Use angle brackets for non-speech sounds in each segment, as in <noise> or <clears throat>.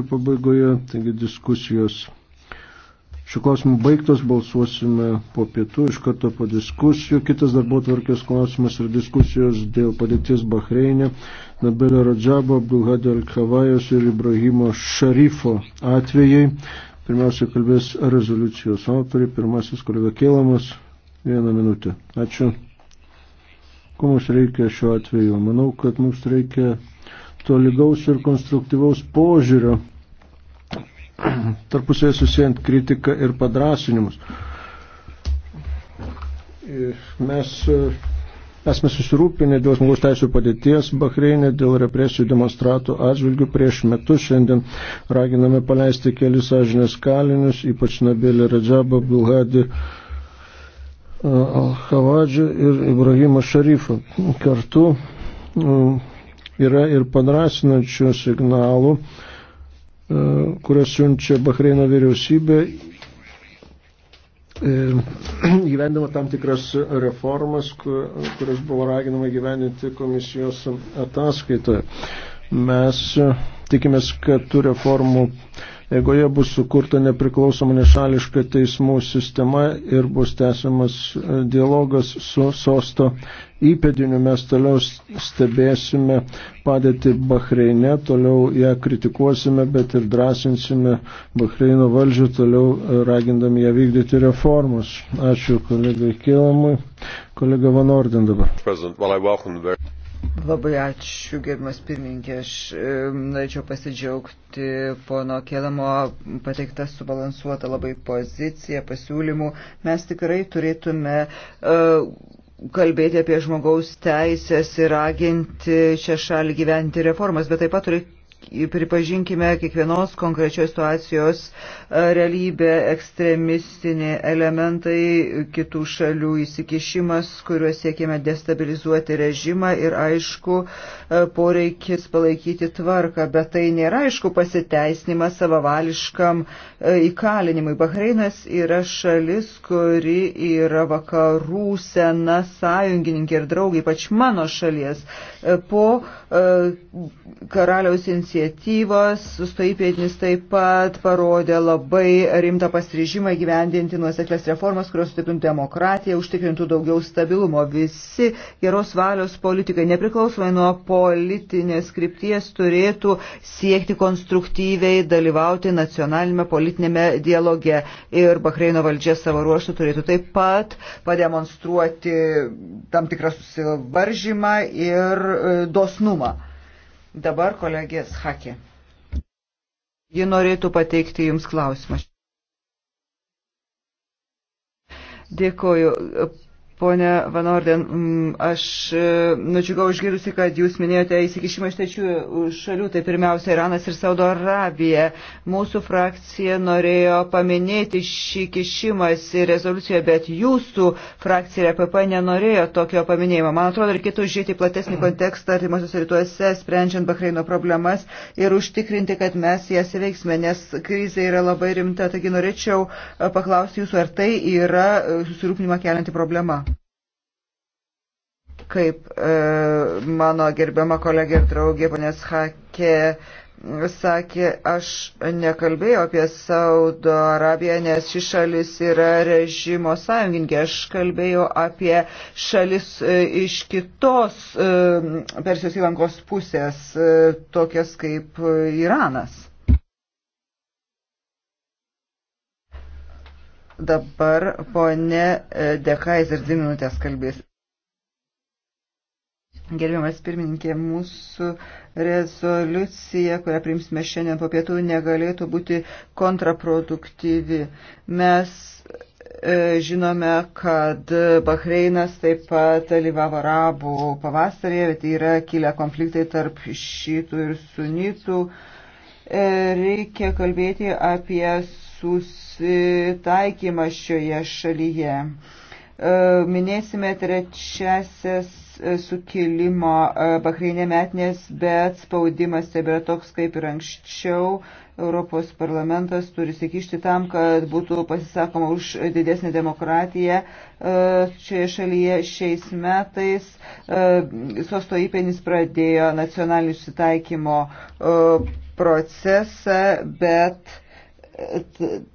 pabaigoje, taigi diskusijos šiuo klausimu baigtos, balsuosime po pietų, iš karto po diskusijų. Kitas darbo tvarkės klausimas ir diskusijos dėl padėties Bahreinė, Nabelio Radžabo, Abdulhadė Alkavajos ir Ibrahimo Šarifo atvejai. Pirmiausia, kalbės rezoliucijos autoriai, pirmasis kolega Kėlamas, vieną minutę. Ačiū. Ko mums reikia šiuo atveju? Manau, kad mums reikia tolygaus ir konstruktyvaus požiūrio, tarpusėje susijant kritiką ir padrasinimus. Mes e, esame susirūpinę dėl žmogaus teisų padėties Bahreinė, dėl represijų demonstratų atžvilgių prieš metus. Šiandien raginame paleisti kelis sąžinės kalinius, ypač Nabilį Radžabą, Bilhadį. E, Al-Havadžį ir Ibrahimą Šarifą. Kartu e, yra ir padrasinančių signalų, e, kurias siunčia Bahreino vyriausybė e, <clears throat> gyvendama tam tikras reformas, kurias buvo raginama gyveninti komisijos ataskaitoje. Mes tikimės, kad tų reformų eigoje bus sukurta nepriklausoma nešališka teismų sistema ir bus tęsiamas dialogas su sosto įpėdinių mes toliau stebėsime padėti Bahreine, toliau ją kritikuosime, bet ir drąsinsime Bahreino valdžią, toliau e, ragindami ją vykdyti reformus. Ačiū kolegai Kilamui. Kolega Van Orden dabar. Labai ačiū, gerbimas pirmininkė. Aš e, norėčiau pasidžiaugti pono Kėlamo pateiktą subalansuotą labai poziciją, pasiūlymų. Mes tikrai turėtume uh, kalbėti apie žmogaus teisės ir raginti šią šalį gyventi reformas, bet taip pat turi pripažinkime kiekvienos konkrečios situacijos e, realybė, ekstremistiniai elementai, kitų šalių įsikišimas, kuriuos siekime destabilizuoti režimą ir aišku e, poreikis palaikyti tvarką, bet tai nėra aišku pasiteisnimas savavališkam e, įkalinimui. Bahreinas yra šalis, kuri yra vakarų sena sąjungininkė ir draugai, ypač mano šalies. Po karaliaus incidento iniciatyvos, sustoipėtinis taip pat parodė labai rimtą pasiryžimą gyvendinti nuoseklės reformas, kurios sustiprintų demokratiją, užtikrintų daugiau stabilumo. Visi geros valios politikai, nepriklausomai nuo politinės krypties, turėtų siekti konstruktyviai dalyvauti nacionalinėme politinėme dialoge. Ir Bahreino valdžia savo ruoštų turėtų taip pat pademonstruoti tam tikrą susivaržymą ir e, dosnumą. Dabar kolegės Hakė. Ji norėtų pateikti Jums klausimą. Dėkoju. Pone Vanorden, aš e, nudžiugau išgirdusi, kad jūs minėjote įsikišimą iš tečių šalių, tai pirmiausia Iranas ir Saudo Arabija. Mūsų frakcija norėjo paminėti šį kišimąsi rezoliuciją, bet jūsų frakcija ir APP nenorėjo tokio paminėjimo. Man atrodo, reikėtų žiūrėti platesnį kontekstą artimuosiuose rytuose, sprendžiant Bahreino problemas ir užtikrinti, kad mes jas įveiksime, nes krizė yra labai rimta. Taigi norėčiau e, paklausti jūsų, ar tai yra e, susirūpinimą kelianti problema. Kaip e, mano gerbiama kolegė ir draugė ponės Hakė sakė, aš nekalbėjau apie Saudo Arabiją, nes ši šalis yra režimo sąjungininkė. Aš kalbėjau apie šalis e, iš kitos e, Persijos įlankos pusės, e, tokias kaip Iranas. Dabar ponė Dekais ir dvi minutės kalbės. Gerbiamas pirmininkė, mūsų rezoliucija, kurią priimsime šiandien po pietų, negalėtų būti kontraproduktyvi. Mes e, žinome, kad Bahreinas taip pat dalyvavo arabų pavasarėje, bet yra kilę konfliktai tarp šitų ir sunytų. E, reikia kalbėti apie susitaikymą šioje šalyje. E, minėsime trečiasias E, sukilimo e, Bahreinė metnės, bet spaudimas tebėra tai toks kaip ir anksčiau. Europos parlamentas turi sikišti tam, kad būtų pasisakoma už didesnį demokratiją e, šioje šalyje šiais metais. Sosto įpenis pradėjo nacionalinį susitaikymo procesą, bet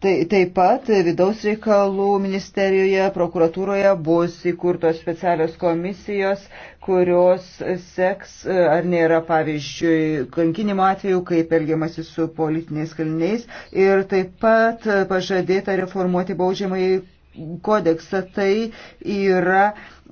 Tai, taip pat vidaus reikalų ministerijoje, prokuratūroje bus įkurtos specialios komisijos, kurios seks, ar nėra, pavyzdžiui, kankinimo atveju, kaip elgiamasi su politiniais kaliniais. Ir taip pat pažadėta reformuoti baudžiamai kodeksą, tai yra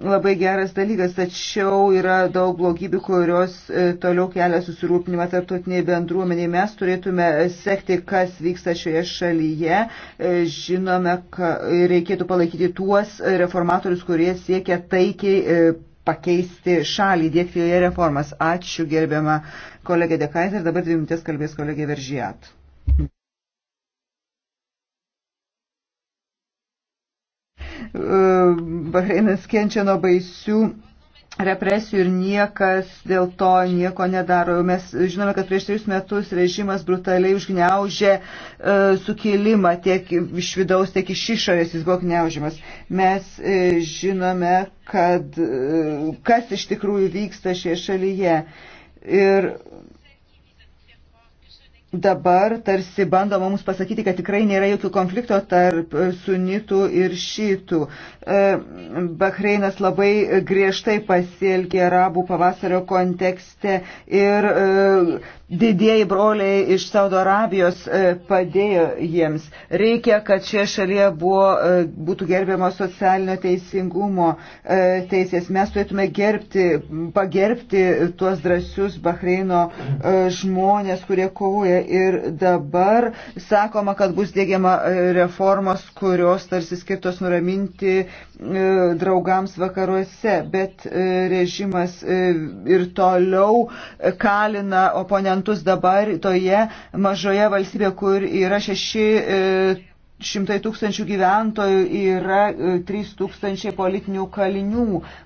labai geras dalykas, tačiau yra daug blogybių, kurios e, toliau kelia susirūpinimą tarptautiniai bendruomeniai. Mes turėtume sekti, kas vyksta šioje šalyje. E, žinome, kad reikėtų palaikyti tuos reformatorius, kurie siekia taikiai e, pakeisti šalį, dėkti joje reformas. Ačiū gerbiama kolegė Dekaiser, dabar dvi minutės kalbės kolegė Veržiat. Bahreinas kenčia nuo baisių represijų ir niekas dėl to nieko nedaro. Mes žinome, kad prieš tris metus režimas brutaliai užgneužė e, sukilimą tiek iš vidaus, tiek iš išorės jis buvo gniaužimas. Mes e, žinome, kad e, kas iš tikrųjų vyksta šioje šalyje. Ir dabar tarsi bandoma mums pasakyti, kad tikrai nėra jokių konflikto tarp sunitų ir šitų. E, Bahreinas labai griežtai pasielgė arabų pavasario kontekste ir e, didieji broliai iš Saudo Arabijos e, padėjo jiems. Reikia, kad šioje šalyje buvo, e, būtų gerbiamo socialinio teisingumo e, teisės. Mes turėtume gerbti, pagerbti tuos drąsius Bahreino žmonės, kurie kovoja. Ir dabar sakoma, kad bus dėgiama reformos, kurios tarsi skirtos nuraminti draugams vakaruose. Bet režimas ir toliau kalina oponentų procentus dabar toje mažoje valstybėje, kur yra šeši. E, šimtai tūkstančių gyventojų yra 3 e, tūkstančiai politinių kalinių.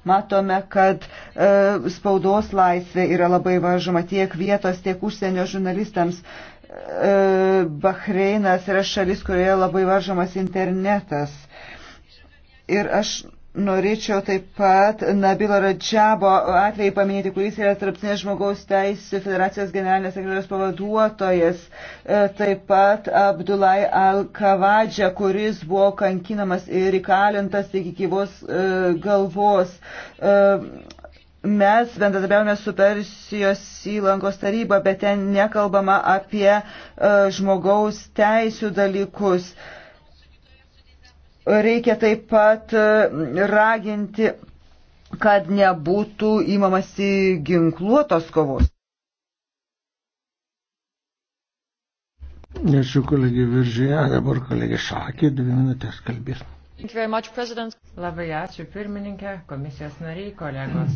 Matome, kad e, spaudos laisvė yra labai važoma tiek vietos, tiek užsienio žurnalistams. E, Bahreinas yra šalis, kurioje labai važomas internetas. Ir aš Norėčiau taip pat Nabilo Radžabo atvejį paminėti, kuris yra Tarptinės žmogaus teisų federacijos generalinės sekretorijos pavaduotojas, e, taip pat Abdulai Al-Kavadžia, kuris buvo kankinamas ir įkalintas iki gyvos e, galvos. E, mes bendradarbiavome su Persijos įlankos taryba, bet ten nekalbama apie žmogaus teisų dalykus. Uh, Reikia taip pat e, raginti, kad nebūtų įmamasi ginkluotos kovos. Ačiū kolegė Viržyje, dabar kolegė Šakė, dvi minutės kalbės. Much, President. Labai ačiū pirmininkė, komisijos nariai, kolegos.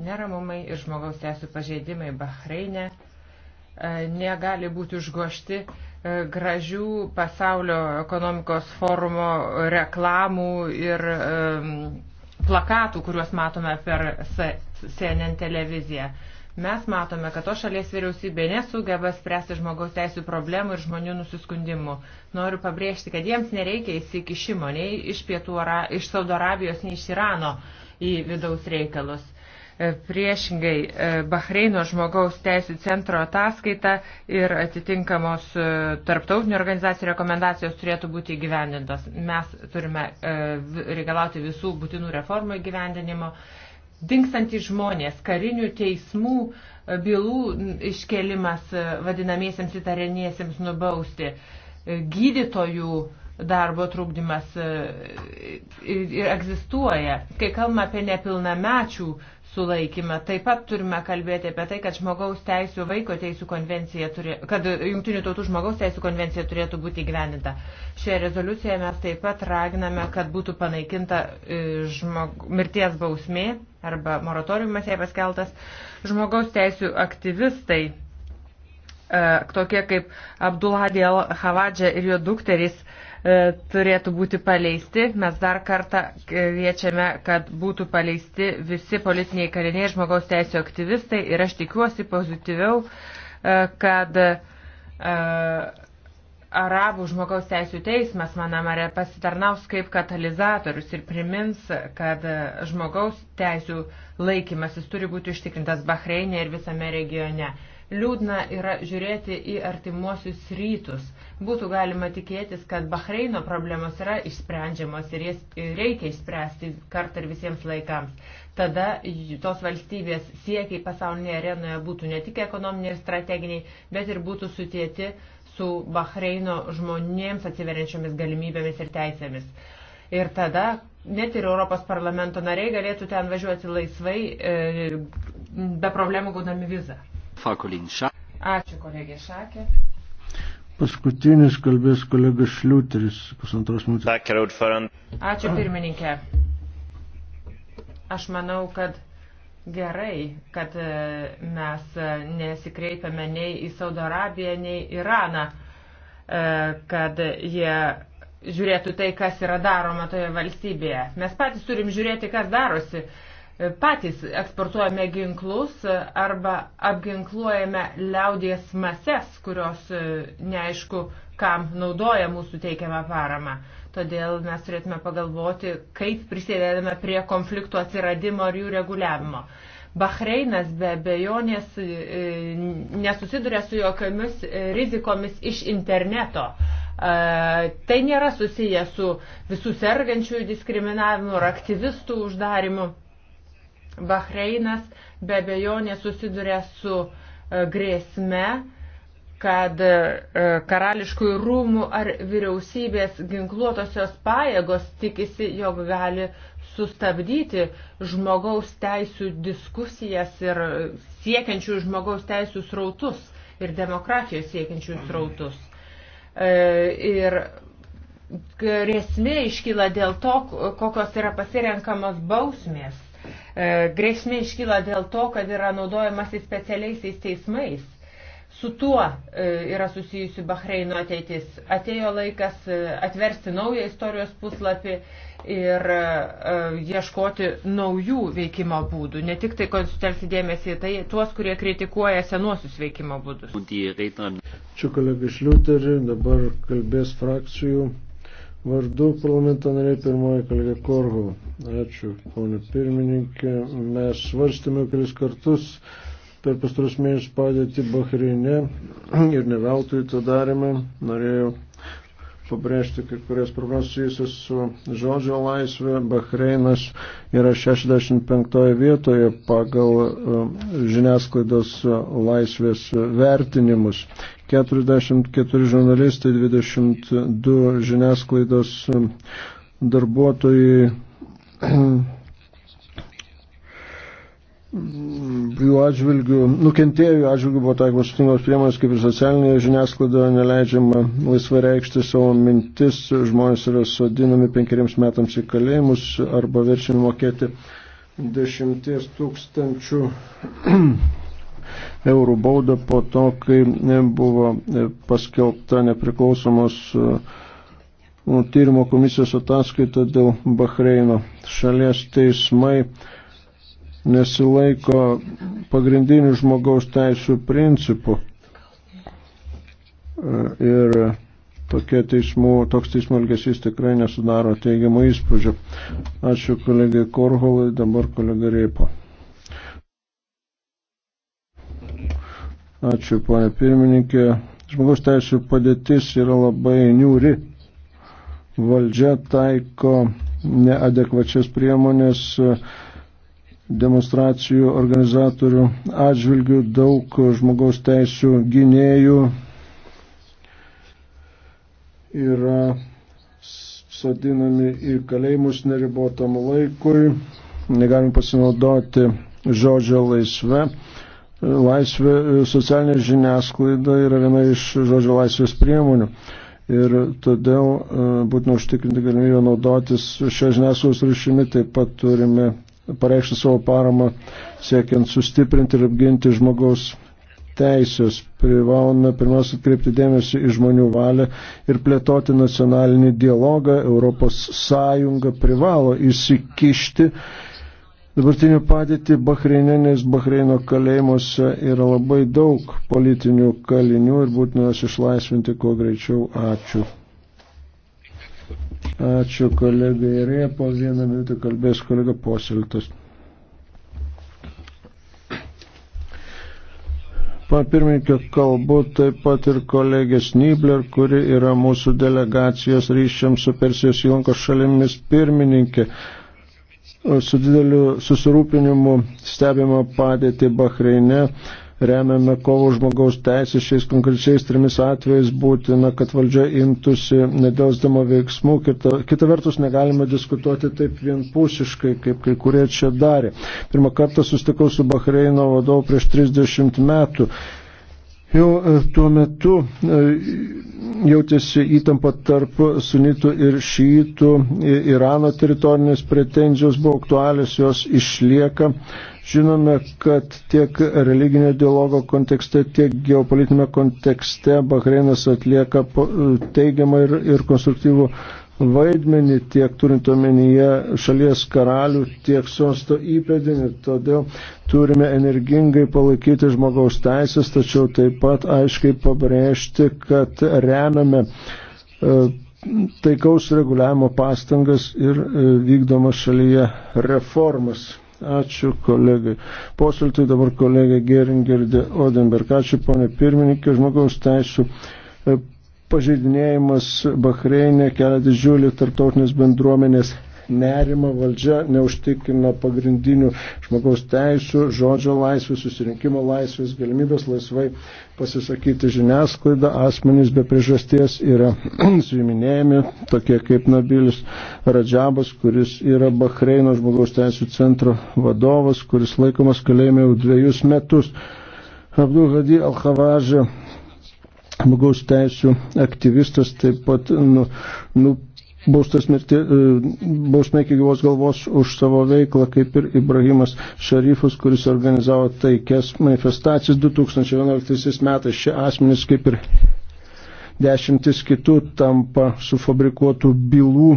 Neramumai ir žmogaus teisų pažeidimai Bahreine e, negali būti užgošti gražių pasaulio ekonomikos forumo reklamų ir plakatų, kuriuos matome per CNN televiziją. Mes matome, kad to šalies vyriausybė nesugeba spręsti žmogaus teisų problemų ir žmonių nusiskundimų. Noriu pabrėžti, kad jiems nereikia įsikišimo nei iš, Pietų, iš Saudo Arabijos, nei iš Irano į vidaus reikalus E, priešingai, e, Bahreino žmogaus teisų centro ataskaita ir atitinkamos e, tarptautinių organizacijų rekomendacijos turėtų būti įgyvendintos. Mes turime reikalauti visų būtinų reformų įgyvendinimo. Dinkstantys žmonės, karinių teismų bylų iškelimas vadinamiesiems įtariamiesiems nubausti, gydytojų uh, darbo trukdymas e, ir egzistuoja. Kai kalbame apie nepilnamečių sulaikymą, taip pat turime kalbėti apie tai, kad žmogaus teisų, vaiko teisų konvencija, turė, kad jungtinių tautų žmogaus teisų konvencija turėtų būti įgyvendinta. Šioje rezoliucijoje mes taip pat raginame, kad būtų panaikinta e, žmog, mirties bausmė arba moratoriumas jai paskeltas. Žmogaus teisų aktyvistai e, tokie kaip Abdulhadi Al-Havadžia ir jo dukteris E, turėtų būti paleisti. Mes dar kartą kviečiame, kad būtų paleisti visi politiniai kaliniai žmogaus teisų aktyvistai ir aš tikiuosi pozityviau, e, kad e, Arabų žmogaus teisų teismas, manamare, pasitarnaus kaip katalizatorius ir primins, kad žmogaus teisų laikymasis turi būti užtikrintas Bahreinė ir visame regione. Liūdna yra žiūrėti į artimuosius rytus. Būtų galima tikėtis, kad Bahreino problemos yra išsprendžiamos ir jas reikia išspręsti kart ir visiems laikams. Tada tos valstybės siekiai pasaulinėje arenoje būtų ne tik ekonominiai ir strateginiai, bet ir būtų sutieti su Bahreino žmonėms atsiveriančiomis galimybėmis ir teisėmis. Ir tada net ir Europos parlamento nariai galėtų ten važiuoti laisvai, e, be problemų gaudami vizą. Ačiū kolegė Šakė. Paskutinis kalbės kolega Šliuteris, pusantros minutės. Ačiū pirmininkė. Aš manau, kad gerai, kad e, mes e, nesikreipiame nei į Saudo Arabiją, nei Iraną, e, kad jie žiūrėtų tai, kas yra daroma toje valstybėje. Mes patys turim žiūrėti, kas darosi patys eksportuojame ginklus arba apginkluojame liaudies mases, kurios e, neaišku, kam naudoja mūsų teikiamą paramą. Todėl mes turėtume pagalvoti, kaip prisidedame prie konfliktų atsiradimo ir jų reguliavimo. Bahreinas be abejonės e, nesusiduria su jokiamis e, rizikomis iš interneto. Tai nėra susiję su visų sergančiųjų diskriminavimu ar aktyvistų uždarimu. Bahreinas be abejonės susiduria su e, grėsme, kad e, e, karališkųjų rūmų ar vyriausybės ginkluotosios pajėgos tikisi, jog gali sustabdyti žmogaus teisų diskusijas ir siekiančių žmogaus teisų srautus ir demokratijos siekiančių srautus. Ir grėsmė iškyla dėl to, kokios yra pasirenkamos bausmės E, grėsmė iškyla dėl to, kad yra naudojamas į specialiaisiais teismais. Su tuo e, yra susijusi Bahreino ateitis. Atėjo laikas e, atversti naują istorijos puslapį ir ieškoti naujų veikimo būdų, ne tik tai konsultelti dėmesį į tai, tuos, kurie kritikuoja senuosius veikimo būdus. Čia kolega Šliuterį, dabar kalbės frakcijų Vardu parlamento nariai pirmoji kolega Korgų. Ačiū, ponė pirmininkė. Mes svarstėme kelis kartus per pastarus mėnesius padėti Bahreine ir neveltui tą darėme. Norėjau pabrėžti kai kurias problemas susijusias su žodžio laisvė. Bahreinas yra 65 vietoje pagal e, žiniasklaidos laisvės vertinimus. 44 žurnalistai, 22 žiniasklaidos darbuotojai jų atžvilgių, nukentėjų atžvilgių buvo taikomas sutinkamos priemonės, kaip ir socialinėje žiniasklaidoje neleidžiama laisvai reikšti savo mintis, žmonės yra sodinami penkeriems metams į kalėjimus arba verčiami mokėti dešimties tūkstančių <clears throat> eurų baudą po to, kai buvo paskelbta nepriklausomos uh, tyrimo komisijos ataskaita dėl Bahreino. Šalies teismai nesilaiko pagrindinių žmogaus teisų principų. E, ir tokie teismų, toks teismų elgesys tikrai nesudaro teigiamą įspūdžio. Ačiū kolegai Korholai, dabar kolega Reipo. Ačiū, ponė pirmininkė. Žmogaus teisų padėtis yra labai niūri. Valdžia taiko neadekvačias priemonės demonstracijų organizatorių atžvilgių, daug žmogaus teisų gynėjų yra sodinami į kalėjimus neribotam laikui, negalim pasinaudoti žodžio laisve. Laisvė socialinė žiniasklaida yra viena iš žodžio laisvės priemonių ir todėl e, būtina užtikrinti galimybę naudotis šią žiniasklaidos ryšimi, taip pat turime pareikšti savo paramą, siekiant sustiprinti ir apginti žmogaus teisės. Privalome pirmiausia atkreipti dėmesį į žmonių valią ir plėtoti nacionalinį dialogą. Europos Sąjunga privalo įsikišti. Dabartinių padėtį Bahreinė, nes Bahreino kalėjimuose yra labai daug politinių kalinių ir būtina juos išlaisvinti kuo greičiau. Ačiū. Ačiū kolegai Rėpo, vieną minutę kalbės kolega Posiltas. Papirminkio kalbu taip pat ir kolegės Nibler, kuri yra mūsų delegacijos ryšiams su Persijos Junkos šalimis pirmininkė. Su dideliu susirūpinimu stebima padėti Bahreine remiame kovo žmogaus teisės šiais konkrečiais trimis atvejais būtina, kad valdžia imtųsi nedelsdama veiksmų. Kita, kita vertus, negalime diskutuoti taip vienpusiškai, kaip kai kurie čia darė. Pirmą kartą sustikau su Bahreino vadovu prieš 30 metų. Jau e, tuo metu e, jautėsi įtampa tarp sunitų ir šytų, Irano teritorinės pretenzijos buvo aktualios, jos išlieka. Žinome, kad tiek religinio dialogo kontekste, tiek geopolitinėme kontekste Bahreinas atlieka teigiamą ir, ir konstruktyvų vaidmenį tiek turint omenyje šalies karalių, tiek sosto įpėdinį. Todėl turime energingai palaikyti žmogaus teisės, tačiau taip pat aiškiai pabrėžti, kad remiame e, taikaus reguliavimo pastangas ir e, vykdomas šalyje reformas. Ačiū kolegai. Posiltai dabar kolegai Geringerdė Odenberg. Ačiū ponė pirmininkė. Žmogaus teisų e, pažeidinėjimas Bahreinė kelia didžiulį tarptautinės bendruomenės nerimą, valdžia neužtikrina pagrindinių žmogaus teisų, žodžio laisvės, susirinkimo laisvės, galimybės laisvai pasisakyti žiniasklaidą, asmenys be priežasties yra <clears throat> suiminėjami, tokie kaip Nabilis Radžabas, kuris yra Bahreino žmogaus teisų centro vadovas, kuris laikomas kalėjime jau dviejus metus. Abdul Hadi Al-Khavažė žmogaus teisų aktyvistas taip pat nu, nu, baustas mirti, e, bausmė iki gyvos galvos už savo veiklą, kaip ir Ibrahimas Šarifas, kuris organizavo taikės manifestacijas 2011 metais. Šie asmenys, kaip ir dešimtis kitų, tampa sufabrikuotų bylų,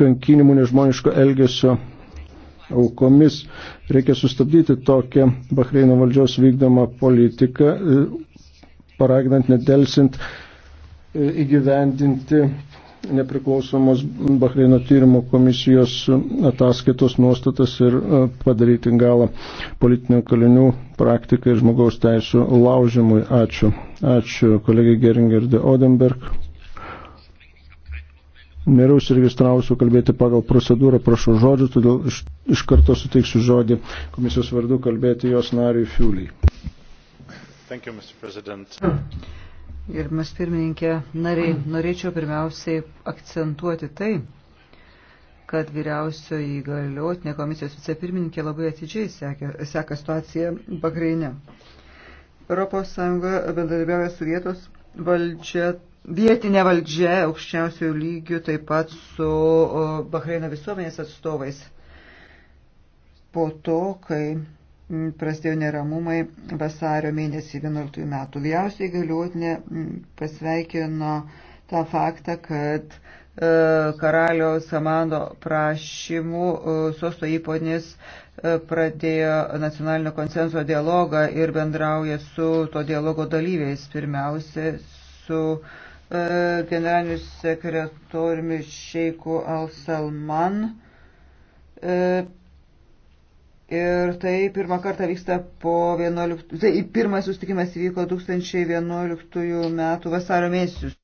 kankinimų, nežmoniško elgesio aukomis. Reikia sustabdyti tokią Bahreino valdžios vykdomą politiką, e, paraginant nedelsint e, įgyvendinti nepriklausomos Bahreino tyrimo komisijos ataskaitos nuostatas ir e, padaryti galą politinių kalinių praktikai žmogaus teisų laužimui. Ačiū. Ačiū kolegai Geringer de Odenberg. Nėra užsiregistravusių kalbėti pagal procedūrą, prašau žodžių, todėl iš, iš karto suteiksiu žodį komisijos vardu kalbėti jos nariui Fiuliai. Thank you, Mr. President. Gerbimas pirmininkė, nariai, norėčiau pirmiausiai akcentuoti tai, kad vyriausioji įgaliotinė komisijos vicepirmininkė labai atidžiai sekė, seka situaciją Bahreine. ES bendradarbiauja su vietos valdžia, vietinė valdžia aukščiausių lygių, taip pat su Bahreino visuomenės atstovais. Po to, kai Mm, prasidėjo neramumai vasario mėnesį 11 metų. Vyriausiai galiuotinė mm, pasveikino tą faktą, kad e, karaliaus Amando prašymų e, sosto įponis e, pradėjo nacionalinio konsenso dialogą ir bendrauja su to dialogo dalyviais, pirmiausia su generaliniu sekretoriumi Šeiku Al Salman Ir tai pirmą kartą vyksta po 11, tai pirmas sustikimas vyko 2011 metų vasario mėnesius.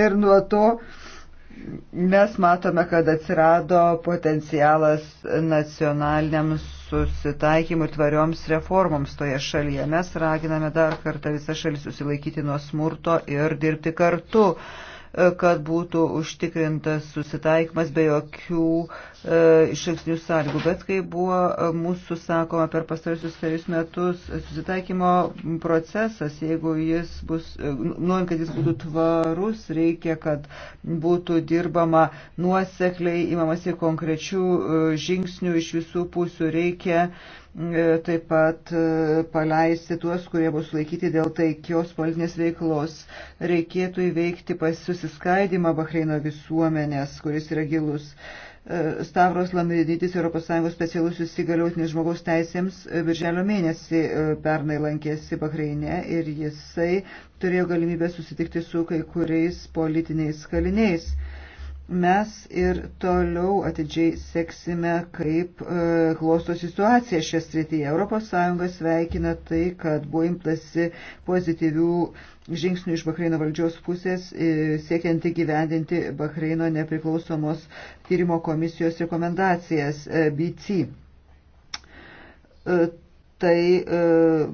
Ir nuo to mes matome, kad atsirado potencialas nacionaliniam susitaikymui ir tvarioms reformoms toje šalyje. Mes raginame dar kartą visą šalį susilaikyti nuo smurto ir dirbti kartu. Uh, kad būtų užtikrintas susitaikymas be jokių e, išaksnių sąlygų. Bet kai buvo e, mūsų sakoma per pastarusius kelius metus susitaikymo procesas, jeigu jis bus, e, nu, norint, kad jis būtų tvarus, reikia, kad būtų dirbama nuosekliai, imamasi konkrečių žingsnių iš visų pusių, reikia E, taip pat e, paleisti tuos, kurie bus laikyti dėl taikios politinės veiklos. Reikėtų įveikti susiskaidimą Bahreino visuomenės, kuris yra gilus. E, Stavros Lamidytis, ES specialus įsigaliotinis žmogaus teisėms, birželio mėnesį pernai lankėsi Bahreine ir jisai turėjo galimybę susitikti su kai kuriais politiniais kaliniais. Mes ir toliau atidžiai seksime, kaip e, klosto situacija šią srityje. ES sveikina tai, kad buvo imtasi pozityvių žingsnių iš Bahreino valdžios pusės, e, siekiant įgyvendinti Bahreino nepriklausomos tyrimo komisijos rekomendacijas e, BC. E, tai e,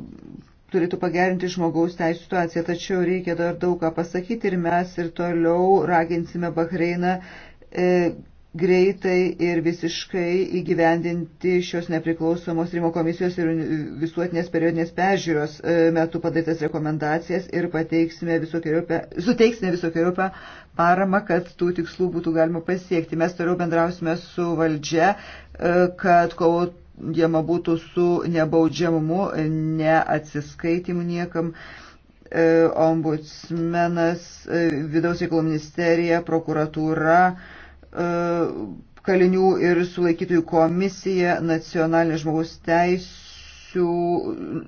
turėtų pagerinti žmogaus teisų situaciją. Tačiau reikia dar daug ką pasakyti ir mes ir toliau raginsime Bahreiną e, greitai ir visiškai įgyvendinti šios nepriklausomos Rimo komisijos ir visuotinės periodinės peržiūros e, metu padarytas rekomendacijas ir pateiksime visokiojopę, suteiksime visokiojopę paramą, kad tų tikslų būtų galima pasiekti. Mes toliau bendrausime su valdžia, e, kad kovotų siejama būtų su nebaudžiamumu, neatsiskaitimu niekam. E, ombudsmenas, e, vidaus reikalų ministerija, prokuratūra, e, kalinių ir sulaikytųjų komisija, nacionalinė žmogaus teisų teisų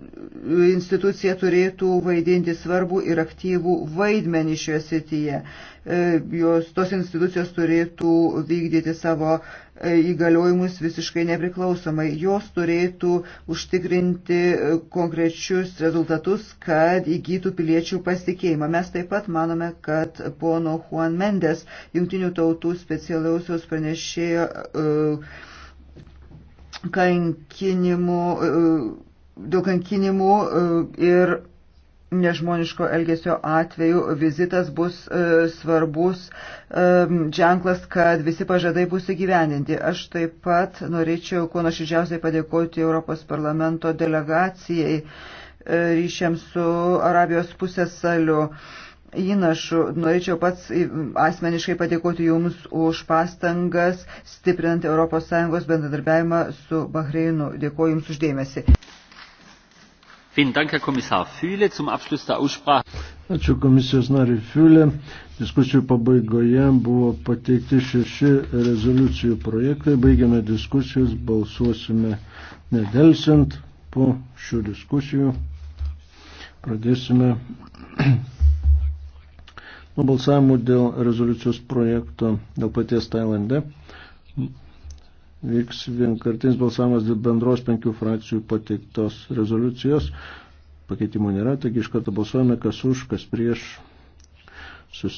institucija turėtų vaidinti svarbų ir aktyvų vaidmenį šioje srityje. E, jos, tos institucijos turėtų vykdyti savo e, įgaliojimus visiškai nepriklausomai. Jos turėtų užtikrinti e, konkrečius rezultatus, kad įgytų piliečių pasitikėjimą. Mes taip pat manome, kad pono Juan Mendes, jungtinių tautų specialiausios pranešėjo, uh, kankinimų, e, dėl kankinimų e, ir nežmoniško elgesio atveju vizitas bus e, svarbus ženklas, kad visi pažadai bus įgyvendinti. Aš taip pat norėčiau kuo nuoširdžiausiai padėkoti Europos parlamento delegacijai ryšiams su Arabijos pusės saliu įnašų. Norėčiau pats asmeniškai padėkoti Jums už pastangas stiprinant ES bendradarbiavimą su Bahreinu. Dėkuoju Jums uždėmesi. Ačiū komisijos nariai Fiulė. Diskusijų pabaigoje buvo pateikti šeši rezoliucijų projektai. Baigiame diskusijas, balsuosime nedelsiant po šių diskusijų. Pradėsime Nuo balsavimų dėl rezoliucijos projekto dėl paties Tailande vyks vienkartinis balsavimas dėl bendros penkių frakcijų pateiktos rezoliucijos. Pakeitimų nėra, taigi iš karto balsuojame, kas už, kas prieš. Susi